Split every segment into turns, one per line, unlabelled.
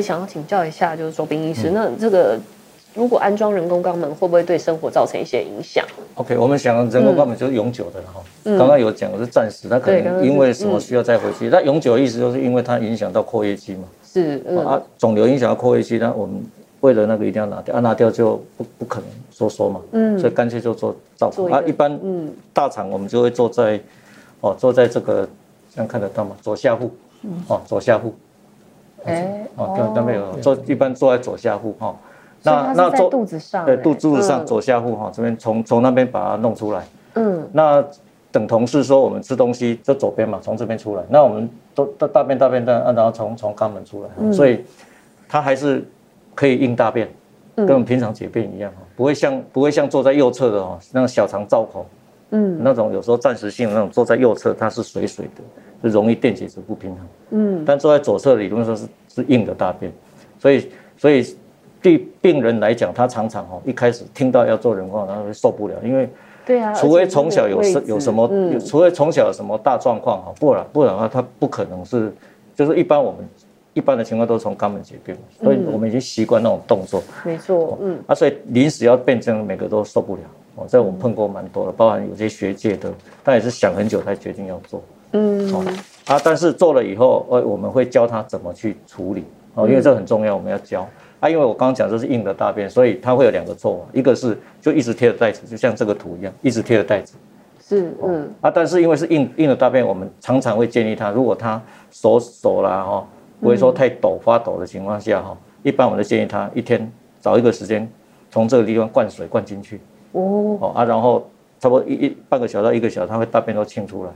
想要請教一下，就是周斌醫師，嗯、那這個如果安裝人工肛門，會不會對生活造成一些影響
？OK，我們想人工肛門就是永久的哈。剛剛、嗯、哦、有講是暫時，那、嗯、可能因為什麼需要再回去。那、嗯、永久的意思就是因為它影響到括約肌嘛。是、嗯、啊，腫瘤影響到括約肌，那我們為了那個一定要拿掉，啊、拿掉就不不可能收縮嘛。嗯，所以乾脆就做造。的啊，一般嗯大腸，我們就會做在哦，做在這個這樣看得到嗎？左下腹，嗯、哦左下腹。
哎，哦，對，大便哦，
坐一般坐在左下腹哈，那那坐肚
子上，對，肚子上左
下腹哈，這邊從從那邊把它弄出來，嗯，那等同是說我們吃東西就左邊嘛，從這邊出來，那我們都大便大便大，然後從從肛門出來，所以它還是可以硬大便，跟我們平常解便一樣哈，不會像不會像坐在右側的哈，那個小腸造口，嗯，那種有時候暫時性那種坐在右側，它是水水的。就容易電解質不平衡，嗯，但坐在左側理論上是是硬的大便，所以所以對病人來講，他常常哦一開始聽到要做人工，他就會受不了，因為對啊，除非從小有什有什麼，除非從小有什麼大狀況，不然不然的話他不可能是，就是一般我們一般的情況都是從肛門解便，所以我們已經習慣那種動作，嗯、沒錯，嗯，啊、所以臨時要變成每個都受不了，在我們碰過蠻多的，包含有些學界的，他也是想很久才決定要做。嗯、哦，啊，但是做了以後，呃，我們會教他怎麼去處理，哦，因為這很重要，我們要教。啊，因為我剛剛講這是硬的大便，所以他會有兩個錯誤，一個是就一直貼着袋子，就像這個圖一樣，一直貼着袋子。是，嗯、哦。啊，但是因為是硬硬的大便，我們常常會建議他，如果他手手啦哈、哦，不會說太抖發抖的情況下哈，嗯、一般我們都建議他一天找一個時間，從這個地方灌水灌進去。哦，哦。啊，然後差不多一一半個小時到一個小時，他會大便都清出來。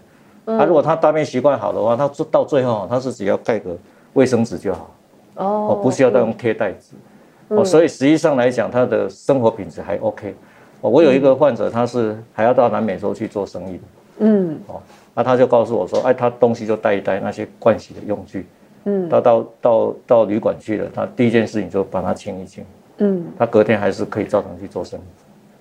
那、嗯、如果他大便習慣好的話，他做到最後，他是只要蓋個衛生紙就好哦，不需要再用貼袋子哦。嗯嗯、所以實際上來講，他的生活品質還 OK。我有一個患者，他是還要到南美洲去做生意的，嗯，哦，那他就告訴我說，他東西就帶一帶那些盥洗的用具，嗯，到到到到旅館去了，他第一件事情就把它清一清，嗯，他隔天還是可以照常去做生意，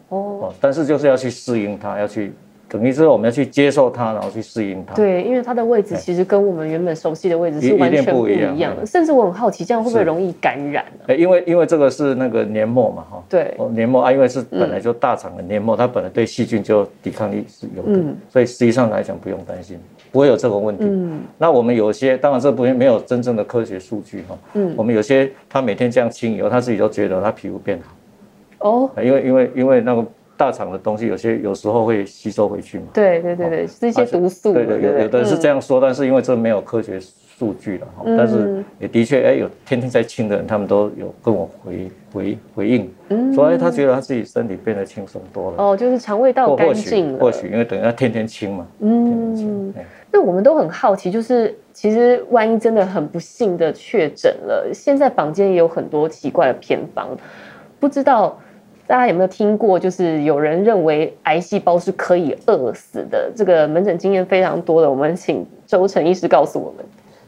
哦，但是就是要去適應他，要去。等於是我們要去接受它，然後去適應它。對，因
為它的位置其實跟我們原本熟悉的位置是完全不一樣的。一一樣，甚至我很好奇，這樣會不會容易感染？
啊欸？因為因為這個是那個黏膜嘛，哈，對，黏膜啊，因為是本來就大腸的黏膜，嗯、它本來對細菌就抵抗力是有的，嗯、所以實際上來講不用擔心，不會有這個問題。嗯，那我們有些，當然這部分沒有真正的科學數據哈，嗯，我們有些，他每天這樣清油，他自己都覺得他皮膚變好。哦因，因為因為因為那個。大腸的東西有些有時候會吸收回去嘛？
對對對對，是一些毒
素。對對，有有的是這樣說，但是因為這沒有科學數據了。但是也的確，哎，有天天在清的人，他們都有跟我回回回應，所以他覺得他自己身體變得輕鬆多了。
哦，就是腸胃道乾淨了。或許
因為等於他天天清嘛。嗯。
天天清。那我們都很好奇，就是其實萬一真的很不幸的確診了，現在坊間也有很多奇怪的偏方，不知道。大家有沒有聽過？就是有人認為癌細胞是可以餓死的。這個門診經驗非常多的，我們請周誠醫師告訴我們。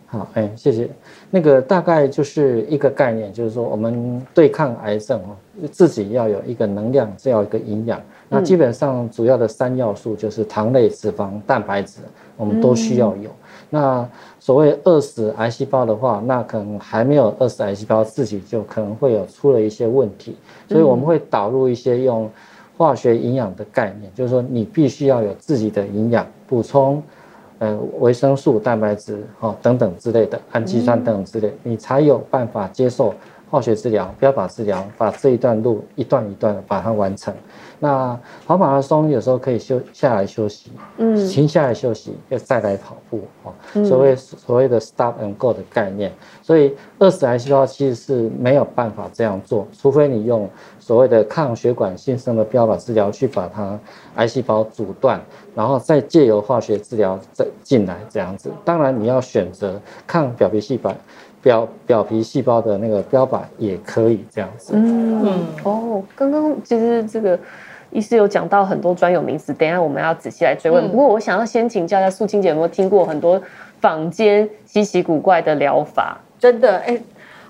好，哎、欸，謝謝。那個大概就是一個概念，就是說我們對抗癌症哦，自己要有一個能量，這樣一個營養。那基本上主要的三要素就是糖類、脂肪、蛋白質，我們都需要有。嗯那所謂餓死癌細胞的話，那可能還沒有餓死癌細胞，自己就可能會有出了一些問題。所以我們會導入一些用化學營養的概念，嗯、就是說你必須要有自己的營養補充，呃，維生素、蛋白質、哈、哦、等等之類的氨基酸等等之類，嗯、你才有辦法接受。化學治療，標靶治療，把這一段路一段一段的把它完成。那跑馬拉松有時候可以休下來休息，嗯，停下來休息，又再來跑步、嗯哦、所謂所謂的 “stop and go” 的概念，所以餓死癌細胞其實是沒有辦法這樣做，除非你用所謂的抗血管新生的標靶治療去把它癌細胞阻斷，然後再借由化學治療再進來這樣子。當然你要選擇抗表皮細胞。表表皮細胞的那個標靶也可以這
樣子。嗯，嗯哦，剛剛其實這個醫師有講到很多專有名詞，等一下我們要仔細來追問。嗯、不過我想要先請教一下素卿姐，有沒有聽過很多坊間稀奇古怪的療法？
真的哎，欸，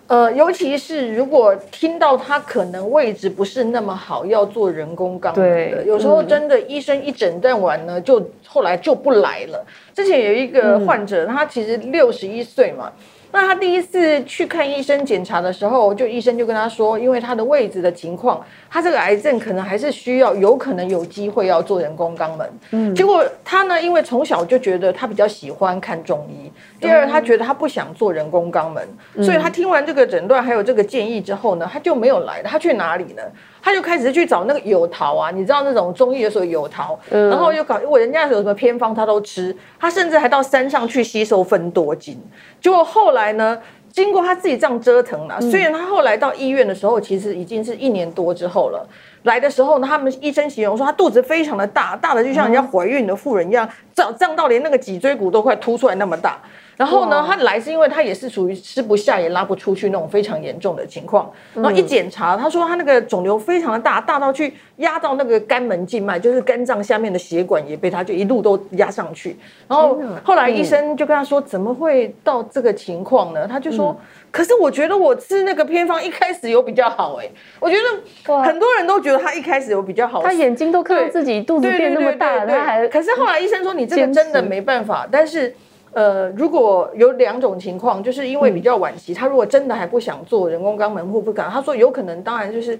呃，尤其是如果聽到他可能位置不是那麼好，要做人工肛門，對，有時候真的醫生一診斷完呢，嗯、就後來就不來了。之前有一個患者，他其實六十一歲嘛，嗯、那他第一次去看醫生檢查的時候，就醫生就跟他說，因為他的位置的情況，他這個癌症可能還是需要，有可能有機會要做人工肛門。嗯，結果他呢，因為從小就覺得他比較喜歡看中醫，第二他覺得他不想做人工肛門，嗯、所以他聽完這個診斷還有這個建議之後呢，他就沒有來，他去哪裡呢？他就開始去找那個油桃啊，你知道那種中醫的時候油桃，嗯、然後又搞，因為人家有什麼偏方他都吃，他甚至還到山上去吸收芬多精。結果後來呢，經過他自己這樣折騰了，雖然他後來到醫院的時候，其實已經是一年多之後了。嗯、來的時候呢，他們醫生形容說他肚子非常的大，大的就像人家懷孕的婦人一樣，脹脹、嗯、到連那個脊椎骨都快凸出來那麼大。然後呢，他來是因為他也是屬於吃不下也拉不出去那種非常嚴重的情況。然後一檢查，他說他那個腫瘤非常的大，大到去壓到那個肝門靜脈，就是肝臟下面的血管也被他，就一路都壓上去。然後後來醫生就跟他說，怎麼會到這個情況呢？他就說，可是我覺得我吃那個偏方一開始有比較好哎，我覺得很多人都覺得他一開始有比較好，他眼睛都看自己肚子變那麼大，他可是後來醫生說你這個真的沒辦法，但是。呃，如果有兩種情況，就是因為比較晚期，嗯、他如果真的還不想做人工肛門或不敢，他說有可能，當然就是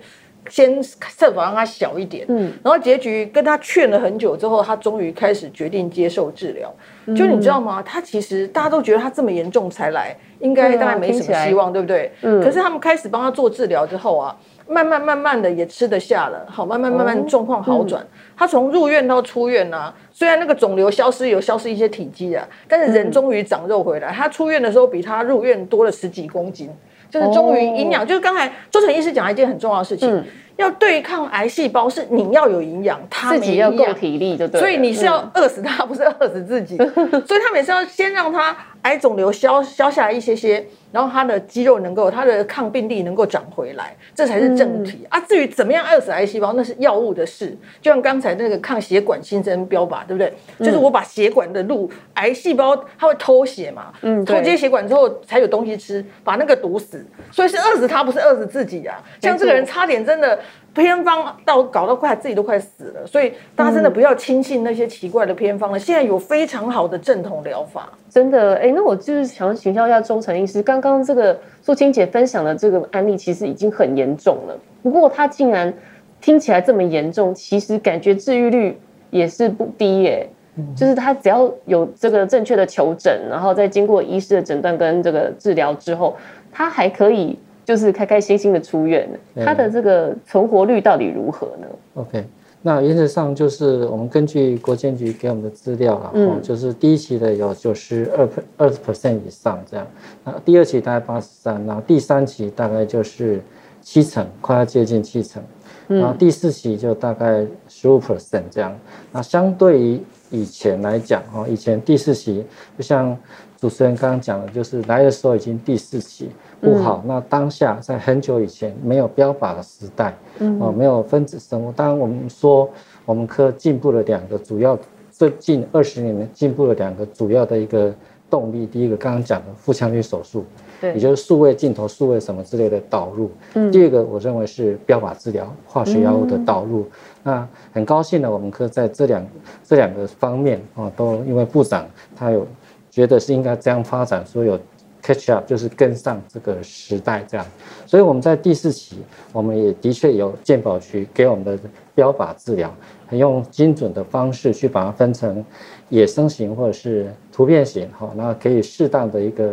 先設法讓他小一點，嗯，然後結局跟他勸了很久之後，他終於開始決定接受治療。嗯、就你知道嗎？他其實大家都覺得他這麼嚴重才來，應該大概沒什麼希望，對不對？嗯、可是他們開始幫他做治療之後啊。慢慢慢慢的也吃得下了，好，慢慢慢慢狀況好轉。哦、嗯、他從入院到出院呢、啊，雖然那個腫瘤消失有消失一些體積啊，但是人終於長肉回來。嗯、他出院的時候比他入院多了十幾公斤，就是終於營養。哦、就是剛才周誠醫師講了一件很重要的事情，嗯、要對抗癌細胞是你要有營養，他自己要夠體力的，所以你是要餓死他，不是餓死自己。嗯、所以他們也是要先讓他癌腫瘤消消下來一些些。然後他的肌肉能夠，他的抗病力能夠長回來，這才是正題、嗯、啊。至於怎麼樣餓死癌細胞，那是藥物的事。就像剛才那個抗血管新生標靶，對不對？嗯、就是我把血管的路，癌細胞它會偷血嘛，嗯，偷接血管之後才有東西吃，把那個堵死，所以是餓死它，不是餓死自己啊。錯像這個人差點真的。偏方到搞到快自己都快死了，所以大家真的不要輕信那些奇怪的偏方了。嗯、現在有非常好的正統療法，
真的。哎、欸，那我就是想請教一下周誠醫師，剛剛這個素卿姐分享的這個案例其實已經很嚴重了，不過她竟然聽起來這麼嚴重，其實感覺治癒率也是不低耶、欸。就是她只要有這個正確的求診，然後再經過醫師的診斷跟這個治療之後，她還可以。就是開開心心的出院，對他的這個存活率到底如何呢
？OK，那原則上就是我們根據國健局給我們的資料、啊、嗯、就是第一期的有九十二分二十 percent 以上這樣，那第二期大概八十三，然後第三期大概就是七成，快要接近七成，然後第四期就大概十五 percent 這樣。那、嗯、相對於以前來講哦，以前第四期就像主持人剛剛講的，就是來的時候已經第四期。不好。那當下在很久以前沒有標靶的時代，嗯、哦，沒有分子生物。當然，我們說我們科進步了兩個主要，最近二十年進步了兩個主要的一個動力。第一個剛剛講的腹腔鏡手術，對，也就是數位鏡頭、數位什麼之類的導入。嗯。第二個，我認為是標靶治療、化學藥物的導入。嗯、那很高興呢，我們科在這兩這兩個方面啊、哦，都因為部長他有覺得是應該這樣發展，所以有。catch up 就是跟上這個時代這樣，所以我們在第四期，我們也的確有健保局給我們的標靶治療，很用精準的方式去把它分成野生型或者是突變型，然後可以適當的一個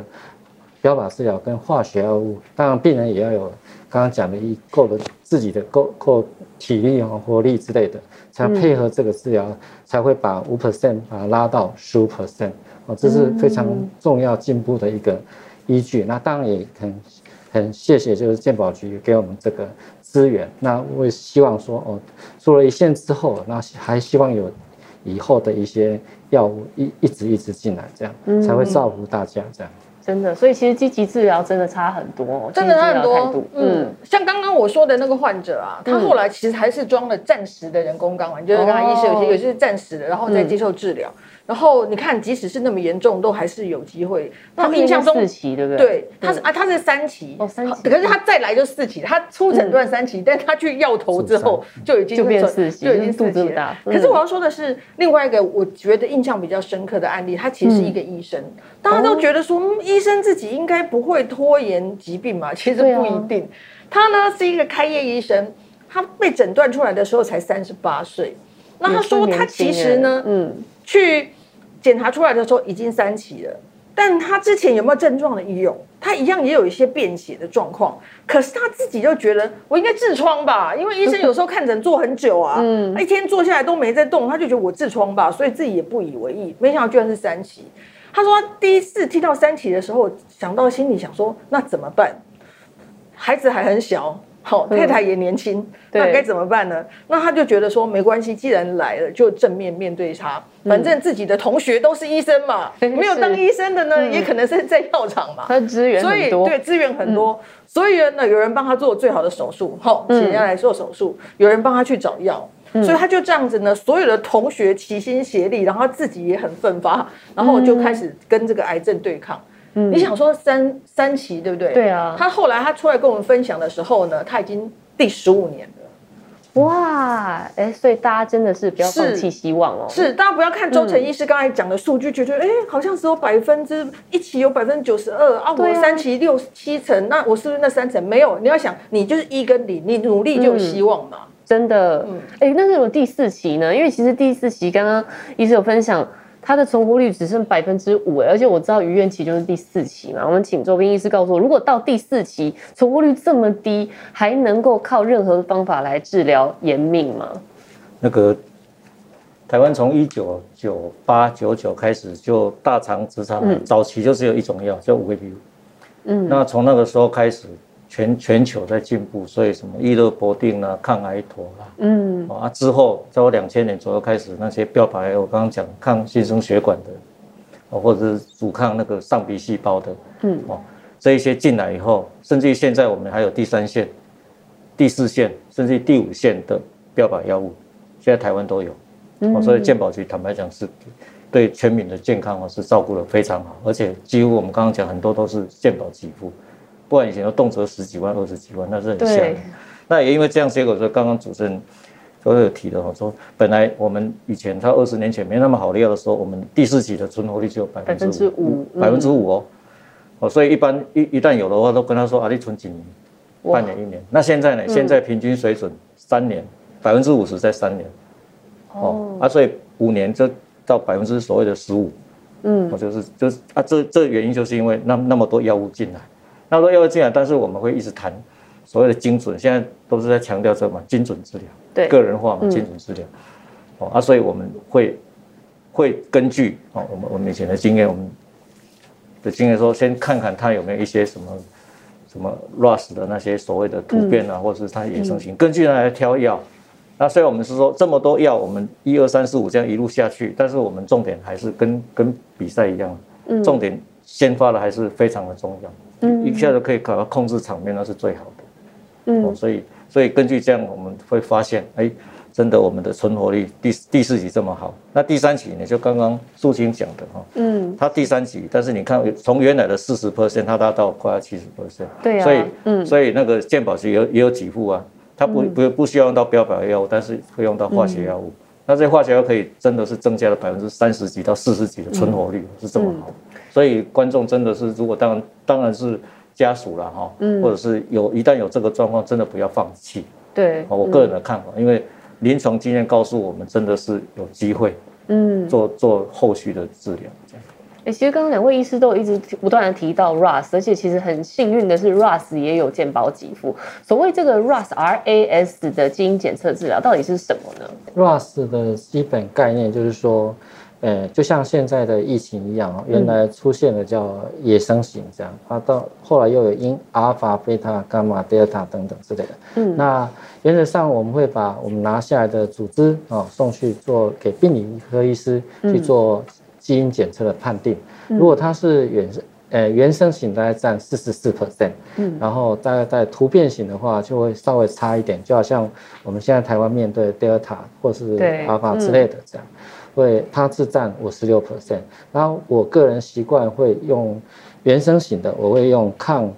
標靶治療跟化學藥物，當然病人也要有剛剛講的一夠了自己的夠夠體力和活力之類的，才配合這個治療，才會把五 percent 把它拉到十五 percent。哦，這是非常重要進步的一個依據。嗯、那當然也很很謝謝，就是健保局給我們這個資源。那我也希望說，哦，做了一線之後，那還希望有以後的一些藥物一一直一直進來，這樣、嗯、才會造福大家。這樣
真的，所以其實積極治療真的差很
多，真的差很多。嗯，嗯
像剛剛我說的那個患者啊，嗯、他後來其實還是裝了暫時的人工肛門，就是跟他意識有些、哦、有些是暫時的，然後再接受治療。嗯然後你看，即使是那麼嚴重，都還是有機會。他印象中四期，對不對？對，他是啊，他是三期，可是他再來就四期。他初診斷三期，但他去藥頭之後，就已經就變四期，就已經四期了。可是我要說的是，另外一個我覺得印象比較深刻的案例，他其實是一個醫生。大家都覺得說，醫生自己應該不會拖延疾病嘛？其實不一定。他呢是一個開業醫生，他被診斷出來的時候才三十八歲。那他說他其實呢，嗯，去。檢查出來的時候已經三期了，但他之前有沒有症狀的有，他一樣也有一些便血的狀況，可是他自己就覺得我應該痔瘡吧，因為醫生有時候看診坐很久啊， 他一天坐下來都沒在動，他就覺得我痔瘡吧，所以自己也不以為意，沒想到居然是三期。他說他第一次聽到三期的時候，想到心裡想說，那怎麼辦？孩子還很小。好，哦、對太太也年輕，那該怎麼辦呢？對那他就覺得說沒關係，既然來了，就正面面對他。嗯、反正自己的同學都是醫生嘛，是沒有當醫生的呢，嗯、也可能是在藥廠嘛。他資源很多，所以對資源很多，嗯、所以呢，有人幫他做最好的手術，哈、哦，請他、嗯、來做手術；有人幫他去找藥，嗯、所以他就這樣子呢，所有的同學齊心協力，然後自己也很奮發，然後就開始跟這個癌症對抗。嗯、你想說三三期對不對？對啊，他後來他出來跟我們分享的時候呢，他已經第十五年了。哇，哎、欸，所以大家真的是不要放棄希望哦，是。是，大家不要看周誠醫師剛才講的數據，就覺得哎、嗯、欸，好像只有百分之一期有百分之九十二啊，啊我三期六七成，那我是不是那三成沒有？你要想，你就是一跟零，你努力就有希望嘛，
嗯、真的。嗯，哎、欸，那這種第四期呢？因為其實第四期剛剛醫師有分享。它的存活率只剩百分之五而且我知道余願期就是第四期嘛。我們請周斌醫師告訴我，如果到第四期存活率這麼低，還能夠靠任何方法來治療延命嗎？
那個台灣從一九九八九九開始就大腸直腸早期就只有一種藥叫 5FU，嗯，膚嗯那從那個時候開始。全全球在進步，所以什麼益樂鉑定啦，、啊，、抗癌妥啦、啊，嗯，啊之後在我兩千年左右開始那些標靶，我剛剛講抗新生血管的，或者是阻抗那個上皮細胞的，嗯，哦這一些進來以後，甚至現在我們還有第三線、第四線甚至第五線的標靶藥物，現在台灣都有，嗯、哦所以健保局坦白講是，對全民的健康、哦、是照顧得非常好，而且幾乎我們剛剛講很多都是健保給付。不然以前都動輒十幾萬、二十幾萬，那是很嚇人。對那也因為這樣，結果說剛剛主持人都有提到說本來我們以前他二十年前沒那麼好的藥的時候，我們第四期的存活率就有百分之五，百分之五哦。哦，嗯、所以一般一一旦有的話，都跟他說啊，你存幾年，哇半
年、一
年。那現在呢？嗯、現在平均水準三年，百分之五十在三年。哦，
哦啊，
所以五年就到百分之所謂的十五。嗯，我就，就是就是啊，這這原因就是因為那那麼多藥物進來。他說要這樣，但是我們會一直談所謂的精準，現在都是在強調這嘛精準治療，對，個人化嘛精準治療，嗯、哦啊，所以我們會會根據哦我們我們以前的經驗，我們的經驗說先看看他有沒有一些什麼什麼 RAS 的那些所謂的突變啊，嗯、或者是他野生型，嗯、根據它來挑藥。那雖然我們是說這麼多藥，我們一二三四五這樣一路下去，但是我們重點還是跟跟比賽一樣，重點。嗯先發的還是非常的重要、嗯，一下子可以搞控制場面，那是最好的，嗯、哦，所以所以根據這樣，我們會發現，哎、欸，真的我們的存活率第第四級這麼好，那第三級你就剛剛素卿講的哈，哦、嗯，他第三級，但是你看從原來的四十 percent，他達到快要七十 percent，對、啊，嗯、所以嗯，所以那個健保其實也也有幾副啊，他不不、嗯、不需要用到標靶藥物，但是會用到化學藥物，嗯、那這化學藥可以真的是增加了百分之三十幾到四十幾的存活率，嗯、是這麼好。嗯嗯所以觀眾真的是，如果當當然是家屬了哈，嗯，或者是有、嗯、一旦有這個狀況，真的不要放棄。對，我個人的看法，嗯、因為臨床經驗告訴我們，真的是有機會，嗯，做做後續的治療。這樣，
哎、欸，其實剛剛兩位醫師都一直不斷地提到 RAS，而且其實很幸運的是，RAS 也有健保給付。所謂這個 RAS R A S 的基因檢測治療到底是什
麼呢？RAS 的基本概念就是說。就像現在的疫情一樣，原來出現了叫野生型，這樣，它到後來又有因阿爾法、貝塔、伽馬、德爾塔等等之類的。嗯，那原則上我們會把我們拿下來的組織送去做給病理科醫師去做基因檢測的判定。嗯，如果它是原生，呃，原生型大概占四十四 percent，嗯，然後大概在突變型的話就會稍微差一點，就好像我們現在台灣面對德爾塔或是阿爾法之類的這樣。會，它是占五十六 percent，然後我個人習慣會用原生型的，我會用抗，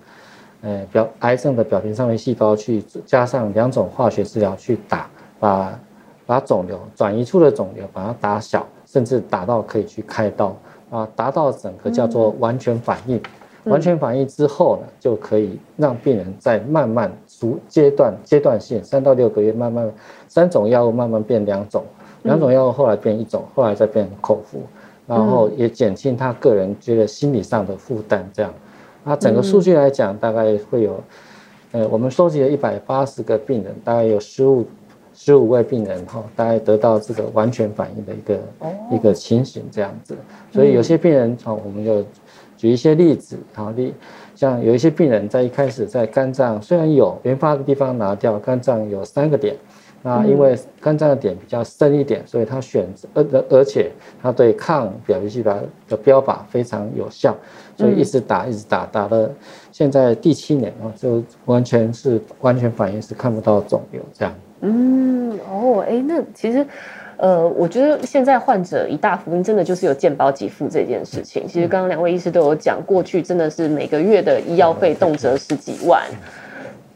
呃，表癌症的表皮上皮細胞去加上兩種化學治療去打，把把腫瘤轉移出的腫瘤把它打小，甚至打到可以去開刀啊，達到整個叫做完全反應。嗯嗯嗯嗯完全反應之後呢，就可以讓病人再慢慢逐階段階段性三到六個月慢慢三種藥物慢慢變兩種。兩種藥後來變一種，後來再變口服，然後也減輕他個人覺得心理上的負擔這樣。那、啊、整個數據來講，嗯、大概會有，呃，我們收集了一百八十個病人，大概有十五十五位病人哈、哦，大概得到這個完全反應的一個、哦、一個情形這樣子。所以有些病人哈、哦，我們就舉一些例子，好例，像有一些病人在一開始在肝臟雖然有原發的地方拿掉，肝臟有三個點。那因為肝臟的點比較深一點，嗯、所以它選擇而而且它對抗表皮細胞的標靶非常有效，所以一直打一直打，打了現在第七年啊，就完全是完全反應是看不到腫瘤這樣。嗯哦哎、
欸，那其實，呃，我覺得現在患者一大福音，真的就是有健保給付這件事情。嗯、其實剛剛兩位醫師都有講，過去真的是每個月的醫藥費動輒十幾萬。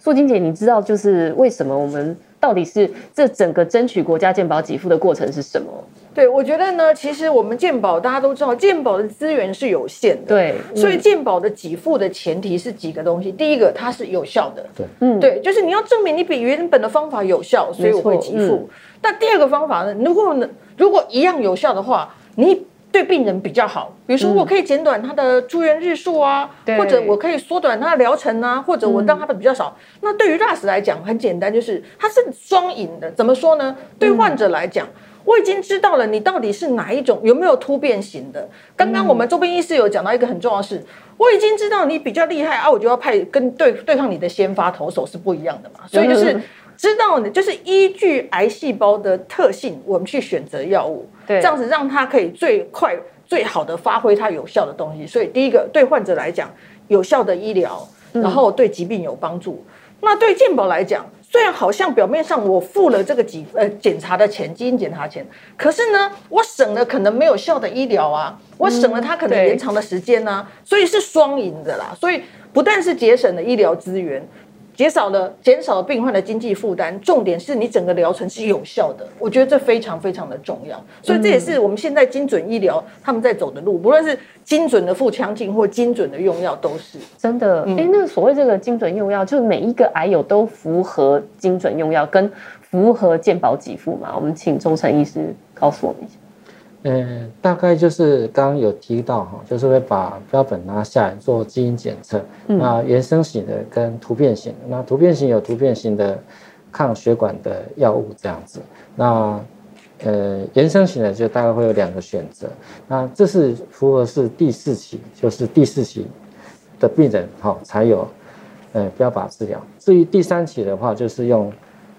素卿、嗯嗯、姐，你知道就是為什麼我們？到底是這整個爭取國家健保給付的過程是什麼？
對，我覺得呢，其實我們健保大家都知道，健保的資源是有限的，對，嗯、所以健保的給付的前提是幾個東西。第一個，它是有效的，對，對嗯，對，就是你要證明你比原本的方法有效，所以我會給付。嗯、但第二個方法呢？如果能，如果一樣有效的話，你。對病人比較好，比如說我可以減短他的住院日數啊，嗯、或者我可以縮短他的療程啊，對或者我讓他的比較少。嗯、那對於 RAS 來講，很簡單，就是它是雙贏的。怎麼說呢？對患者來講，嗯、我已經知道了你到底是哪一種，有沒有突變型的。剛剛我們周斌醫師有講到一個很重要的事，嗯、我已經知道你比較厲害啊，我就要派跟對對抗你的先發投手是不一樣的嘛，所以就是。嗯嗯知道你，就是依據癌細胞的特性，我們去選擇藥物，對，這樣子讓它可以最快、最好的發揮它有效的東西。所以第一個對患者來講，有效的醫療，然後對疾病有幫助。嗯、那對健保來講，雖然好像表面上我付了這個幾呃檢查的錢、基因檢查錢，可是呢，我省了可能沒有效的醫療啊，我省了它可能延長的時間啊，嗯、所以是雙贏的啦。所以不但是節省了醫療資源。減少了，減少了病患的經濟負擔。重點是你整個療程是有效的，我覺得這非常非常的重要。所以這也是我們現在精準醫療他們在走的路，不論是精準的腹腔鏡或精準的用藥，都是
真的。誒、欸，那所謂這個精準用藥，就是每一個癌友都符合精準用藥，跟符合健保給付嘛？我們請周誠醫師告訴我們一下。
嗯、呃，大概就是剛剛有提到哈，就是會把標本拿下來做基因檢測。嗯、那原生型的跟突變型的，那突變型有突變型的抗血管的藥物這樣子。那呃，原生型的就大概會有兩個選擇。那這是符合是第四期，就是第四期的病人好才有呃標靶治療。至於第三期的話，就是用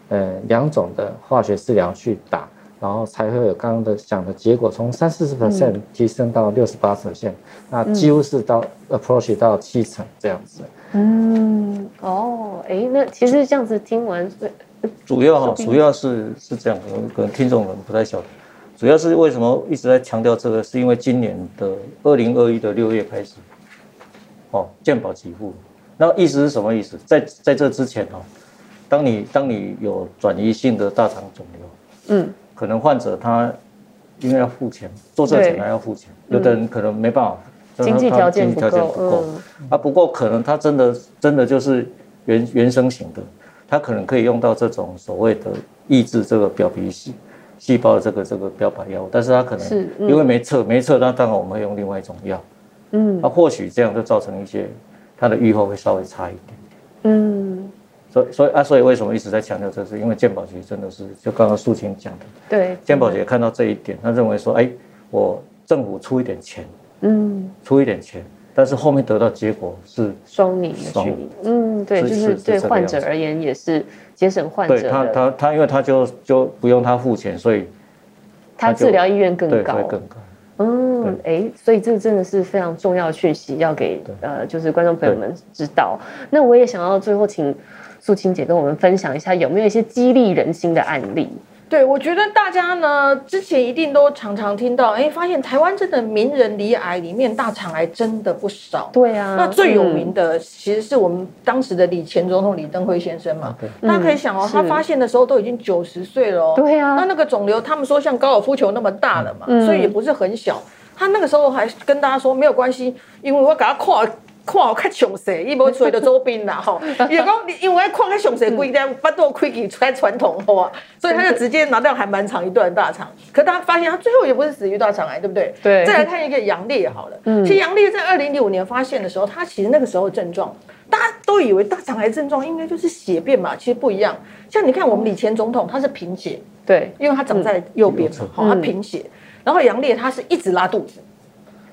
呃兩種的化學治療去打。然後才會有剛剛的講的結果從，從三四十 percent 提升到六十八 percent，那幾乎是到 approach 到七成這樣子。嗯，嗯
哦，哎，那其實這樣子聽完是
主，對主要哈，Okay. 主要是是這樣，可能可能聽眾們不太曉得，主要是為什麼一直在強調這個，是因為今年的二零二一的六月開始，哦，健保給付，那意思是什麼意思？在在這之前哦，當你當你有轉移性的大腸腫瘤，嗯。可能患者他因為要付錢，做這個檢查要付錢，對有的人可能沒辦法，嗯、就他經濟條件不夠。件、嗯、不啊，嗯、不過可能他真的真的就是原原生型的，他可能可以用到這種所謂的抑制這個表皮細細胞的這個這個標靶藥，但是他可能因為沒測、嗯、沒測，那當然我們會用另外一種藥，嗯，那、啊、或許這樣就造成一些他的預後會稍微差一點，嗯。所以，所以啊，所以為什麼一直在強調，這是因為健保局真的是就剛剛素卿講的，對，健保局看到這一點，他認為說，哎，我政府出一點錢，
嗯，
出一點錢，但是後面得到結果是
雙贏，雙贏，嗯，對，就是對患者而言也是節省患者，對他，他，
他，因為他就就不用他付錢，所以
他治療意願更高，更高，嗯，哎，所以這真的是非常重要的訊息要給呃，就是觀眾朋友們知道。那我也想要最後請。素卿姐跟我們分享一下，有沒有一些激勵人心的案例？
對，我覺得大家呢，之前一定都常常聽到，哎，發現台灣真的名人罹癌，裡面大腸癌真的不少。對啊，那最有名的其實是我們當時的李前總統李登輝先生嘛。那對可以想哦，嗯、他發現的時候都已經九十歲了、哦。對啊，那那個腫瘤，他們說像高爾夫球那麼大了嘛，嗯、所以也不是很小。他那個時候還跟大家說沒有關係，因為我給他跨。礦塊上色，一無所以到左邊啦吼，又講、 喔、因為礦塊上色貴，咱不作規矩，太傳統吼，所以他就直接拿掉還蠻長一段大腸。可大家發現他最後也不是死於大腸癌，對不對？對。再來看一個楊烈也好了，嗯、其實楊烈在二零零五年發現的時候，他其實那個時候的症狀，大家都以為大腸癌症狀應該就是血便嘛，其實不一樣。像你看我們李前總統他是貧血，對、嗯，因為他長在右邊，哈、嗯，他貧血。嗯、然後楊烈他是一直拉肚子。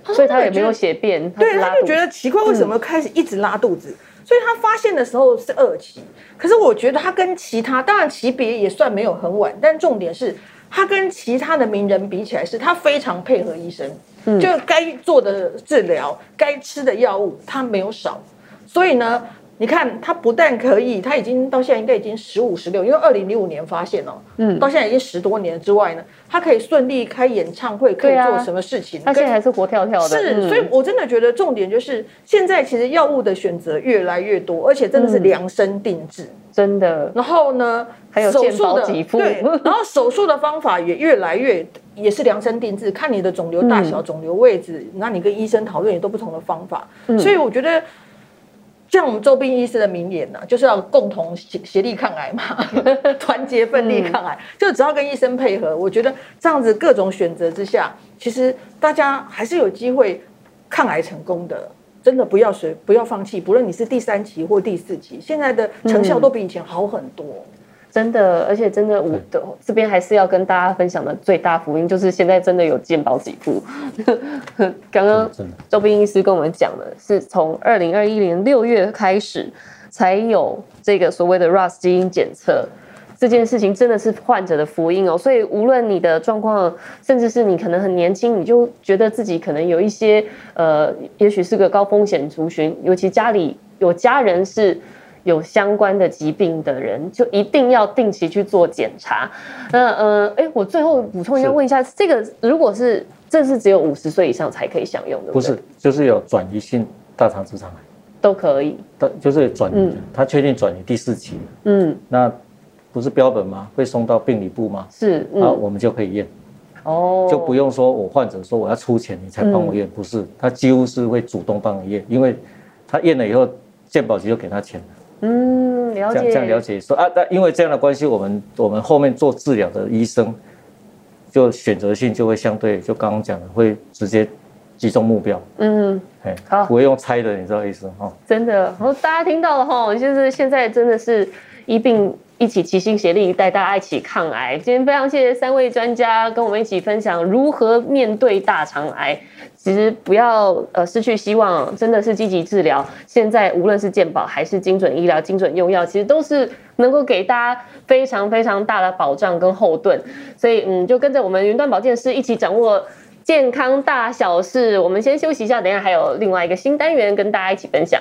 啊、所以他也沒有血便，啊、對，他就覺得奇怪，為什麼開始一直拉肚子？嗯、所以他發現的時候是二期。可是我覺得他跟其他當然期別，也算沒有很晚，但重點是他跟其他的名人比起來，是他非常配合醫生，嗯、就該做的治療、該吃的藥物他沒有少，所以呢。你看，他不但可以，他已經到現在應該已經十五十六，因為二零零五年發現哦，嗯，到現在已經十多年之外呢，他可以順利開演唱會，可以做什麼事情？啊、跟他現在還是活跳跳的。是，嗯、所以我真的覺得重點就是，現在其實藥物的選擇越來越多，而且真的是量身定制，真的、嗯。然後呢，還有手術的對， 然後手術的方法也越來越也是量身定制，看你的腫瘤大小、嗯、腫瘤位置，那你跟醫生討論也都不同的方法。嗯、所以我覺得。像我們周斌醫生的名言呢、啊，就是要共同協協力抗癌嘛，團結奮力抗癌，就只要跟醫生配合，我覺得這樣子各種選擇之下，其實大家還是有機會抗癌成功的。真的不要隨不要放棄，不論你是第三期或第四期，現在的成效都比以前好很多。嗯
真的，而且真的，我的這邊還是要跟大家分享的最大福音就是現在真的有健保幾步。 剛剛周斌醫師跟我們講的是從二零二一年六月開始才有這個所謂的 RAS 基因檢測這件事情，真的是患者的福音哦。所以無論你的狀況，甚至是你可能很年輕，你就覺得自己可能有一些呃，也許是個高風險族群，尤其家裡有家人是。有相關的疾病的人，就一定要定期去做檢查。那呃，哎，我最後補充一下，是問一下，這個如果是這是只有五十歲以上才可以享用的？對不對？不
是，就是有轉移性大腸直腸癌都可以。但就是轉移的，嗯、他確定轉移第四期。嗯，那不是標本嗎？會送到病理部嗎？是，那、嗯啊、我們就可以驗。哦，就不用說我患者說我要出錢你才幫我驗，嗯、不是，他幾乎是會主動幫你驗，因為他驗了以後，健保局就給他錢了。
嗯，了解這樣，這樣了
解說啊，啊，因為這樣的關係，我們我們後面做治療的醫生就選擇性就會相對就剛剛講的會直接擊中目標，嗯，嘿好，不會用猜的，你知道意思哈？
真的，大家聽到了哈，就是現在真的是醫病一起齊心協力帶大家一起抗癌。今天非常謝謝三位專家跟我們一起分享如何面對大腸癌。其實不要呃失去希望，真的是積極治療。現在無論是健保還是精準醫療、精準用藥，其實都是能夠給大家非常非常大的保障跟後盾。所以嗯，就跟着我們雲端保健室一起掌握健康大小事。我們先休息一下，等一下還有另外一個新單元跟大家一起分享。